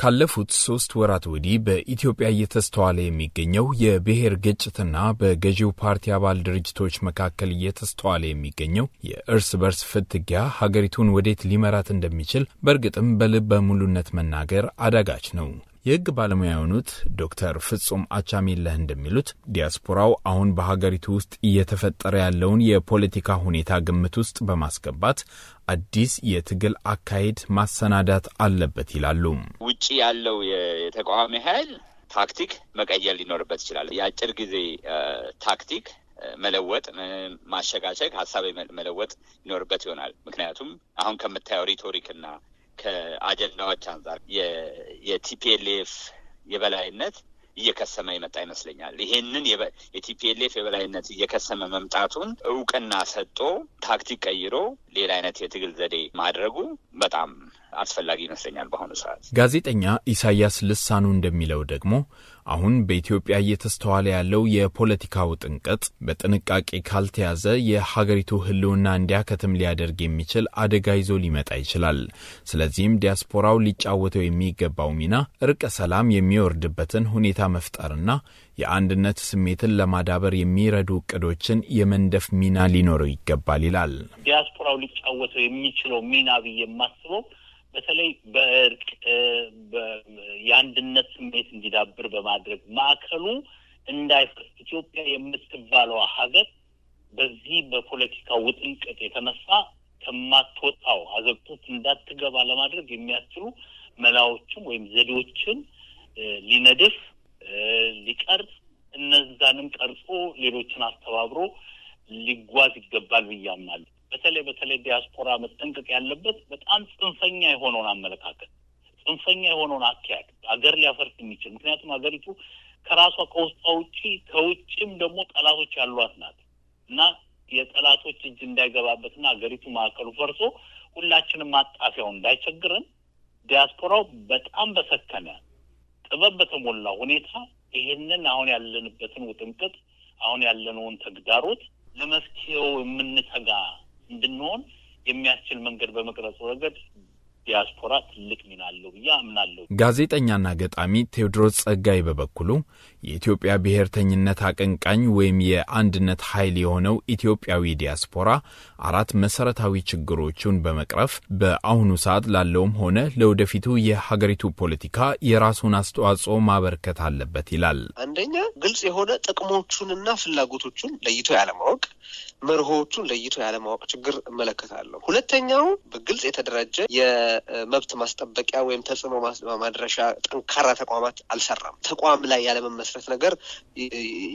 ካለፉት ሶስት ወራት ወዲህ በኢትዮጵያ እየተስተዋለ የሚገኘው የብሔር ግጭትና በገዢው ፓርቲ አባል ድርጅቶች መካከል እየተስተዋለ የሚገኘው የእርስ በርስ ፍትጊያ ሀገሪቱን ወዴት ሊመራት እንደሚችል በእርግጥም በልበ ሙሉነት መናገር አዳጋች ነው። የህግ ባለሙያ የሆኑት ዶክተር ፍጹም አቻሚለህ እንደሚሉት ዲያስፖራው አሁን በሀገሪቱ ውስጥ እየተፈጠረ ያለውን የፖለቲካ ሁኔታ ግምት ውስጥ በማስገባት አዲስ የትግል አካሄድ ማሰናዳት አለበት ይላሉ። ውጭ ያለው የተቃዋሚ ኃይል ታክቲክ መቀየር ሊኖርበት ይችላል። የአጭር ጊዜ ታክቲክ መለወጥ፣ ማሸጋሸግ፣ ሀሳብ መለወጥ ይኖርበት ይሆናል። ምክንያቱም አሁን ከምታየው ሪቶሪክ እና ከአጀንዳዎች አንጻር የቲፒኤልኤፍ የበላይነት እየከሰመ ይመጣ ይመስለኛል። ይሄንን የቲፒኤልኤፍ የበላይነት እየከሰመ መምጣቱን እውቅና ሰጥቶ ታክቲክ ቀይሮ ሌላ አይነት የትግል ዘዴ ማድረጉ በጣም አስፈላጊ ይመስለኛል በአሁኑ ሰዓት። ጋዜጠኛ ኢሳያስ ልሳኑ እንደሚለው ደግሞ አሁን በኢትዮጵያ እየተስተዋለ ያለው የፖለቲካው ጥንቀት በጥንቃቄ ካልተያዘ የሀገሪቱ ሕልውና እንዲያከትም ሊያደርግ የሚችል አደጋ ይዞ ሊመጣ ይችላል። ስለዚህም ዲያስፖራው ሊጫወተው የሚገባው ሚና እርቀ ሰላም የሚወርድበትን ሁኔታ መፍጠርና የአንድነት ስሜትን ለማዳበር የሚረዱ እቅዶችን የመንደፍ ሚና ሊኖረው ይገባል ይላል። ዲያስፖራው ሊጫወተው የሚችለው ሚና ብዬ የማስበው በተለይ በእርቅ የአንድነት ስሜት እንዲዳብር በማድረግ ማዕከሉ እንዳይፈርስ ኢትዮጵያ የምትባለው ሀገር በዚህ በፖለቲካ ውጥንቅጥ የተነሳ ከማትወጣው አዘቅቶት እንዳትገባ ለማድረግ የሚያስችሉ መላዎችን ወይም ዘዴዎችን ሊነድፍ ሊቀርጽ እነዛንም ቀርጾ ሌሎችን አስተባብሮ ሊጓዝ ይገባል ብዬ በተለይ በተለይ ዲያስፖራ መጠንቀቅ ያለበት በጣም ጽንፈኛ የሆነውን አመለካከት ጽንፈኛ የሆነውን አካሄድ አገር ሊያፈርስ የሚችል ምክንያቱም ሀገሪቱ ከራሷ ከውስጧ ውጪ ከውጭም ደግሞ ጠላቶች ያሏት ናት እና የጠላቶች እጅ እንዳይገባበትና ሀገሪቱ ማዕከሉ ፈርሶ ሁላችንም ማጣፊያው እንዳይቸግረን ዲያስፖራው በጣም በሰከነ ጥበብ በተሞላ ሁኔታ ይሄንን አሁን ያለንበትን ውጥንቅጥ አሁን ያለነውን ተግዳሮት ለመፍትሄው የምንተጋ እንድንሆን የሚያስችል መንገድ በመቅረጹ ረገድ ዲያስፖራ ትልቅ ሚና አለው ብዬ አምናለሁ። ጋዜጠኛና ገጣሚ ቴዎድሮስ ጸጋይ በበኩሉ የኢትዮጵያ ብሔርተኝነት አቀንቃኝ ወይም የአንድነት ኃይል የሆነው ኢትዮጵያዊ ዲያስፖራ አራት መሰረታዊ ችግሮቹን በመቅረፍ በአሁኑ ሰዓት ላለውም ሆነ ለወደፊቱ የሀገሪቱ ፖለቲካ የራሱን አስተዋጽኦ ማበርከት አለበት ይላል። አንደኛ ግልጽ የሆነ ጥቅሞቹንና ፍላጎቶቹን ለይቶ ያለማወቅ መርሆቹን ለይቶ ያለማወቅ ችግር እመለከታለሁ። ሁለተኛው በግልጽ የተደራጀ መብት ማስጠበቂያ ወይም ተጽዕኖ ማድረሻ ጠንካራ ተቋማት አልሰራም። ተቋም ላይ ያለመመስረት ነገር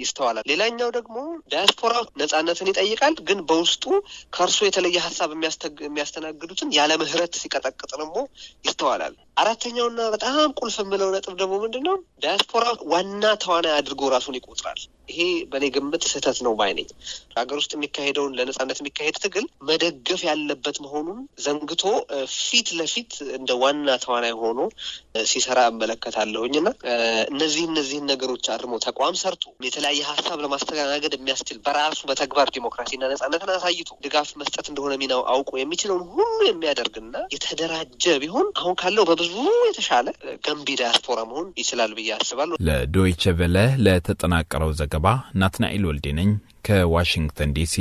ይስተዋላል። ሌላኛው ደግሞ ዳያስፖራ ነጻነትን ይጠይቃል፣ ግን በውስጡ ከእርሶ የተለየ ሀሳብ የሚያስተናግዱትን ያለ ምህረት ሲቀጠቅጥ ደግሞ ይስተዋላል። አራተኛውና በጣም ቁልፍ የምለው ነጥብ ደግሞ ምንድን ነው? ዳያስፖራ ዋና ተዋናይ አድርጎ ራሱን ይቆጥራል። ይሄ በእኔ ግምት ስህተት ነው ባይ ነኝ። ሀገር ውስጥ የሚካሄደውን ለነጻነት የሚካሄድ ትግል መደገፍ ያለበት መሆኑን ዘንግቶ ፊት ለፊት እንደ ዋና ተዋናይ ሆኖ ሲሰራ እመለከታለሁኝ እና እነዚህ እነዚህን ነገሮች አርሞ ተቋም ሰርቶ የተለያየ ሀሳብ ለማስተናገድ የሚያስችል በራሱ በተግባር ዲሞክራሲና ነጻነትን አሳይቶ ድጋፍ መስጠት እንደሆነ ሚናው አውቆ የሚችለውን ሁሉ የሚያደርግና የተደራጀ ቢሆን አሁን ካለው በብዙ የተሻለ ገንቢ ዳያስፖራ መሆን ይችላል ብዬ አስባለሁ። ለዶይቸ ቬለ ለተጠናቀረው ዘገባ ዘገባ ናትናኤል ወልዴ ነኝ ከዋሽንግተን ዲሲ